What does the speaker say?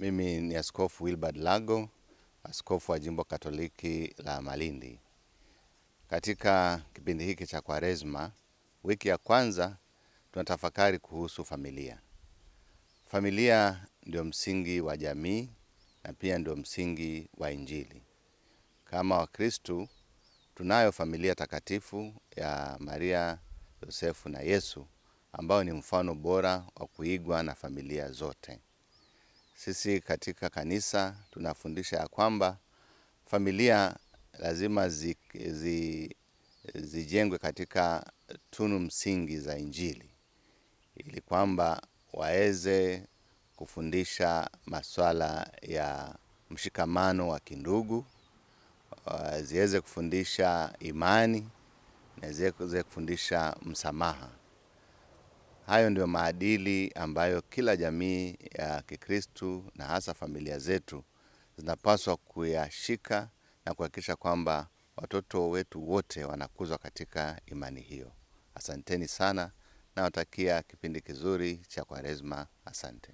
Mimi ni Askofu Wilbard Lago, askofu wa jimbo Katoliki la Malindi. Katika kipindi hiki cha Kwaresma, wiki ya kwanza, tunatafakari kuhusu familia. Familia ndio msingi wa jamii na pia ndio msingi wa Injili. Kama Wakristu tunayo familia takatifu ya Maria, Yosefu na Yesu, ambao ni mfano bora wa kuigwa na familia zote. Sisi katika kanisa tunafundisha ya kwamba familia lazima zi, zi, zijengwe katika tunu msingi za Injili ili kwamba waweze kufundisha masuala ya mshikamano wa kindugu, ziweze kufundisha imani na ziweze kufundisha msamaha. Hayo ndio maadili ambayo kila jamii ya Kikristu na hasa familia zetu zinapaswa kuyashika na kuhakikisha kwamba watoto wetu wote wanakuzwa katika imani hiyo. Asanteni sana, nawatakia kipindi kizuri cha Kwaresma. Asante.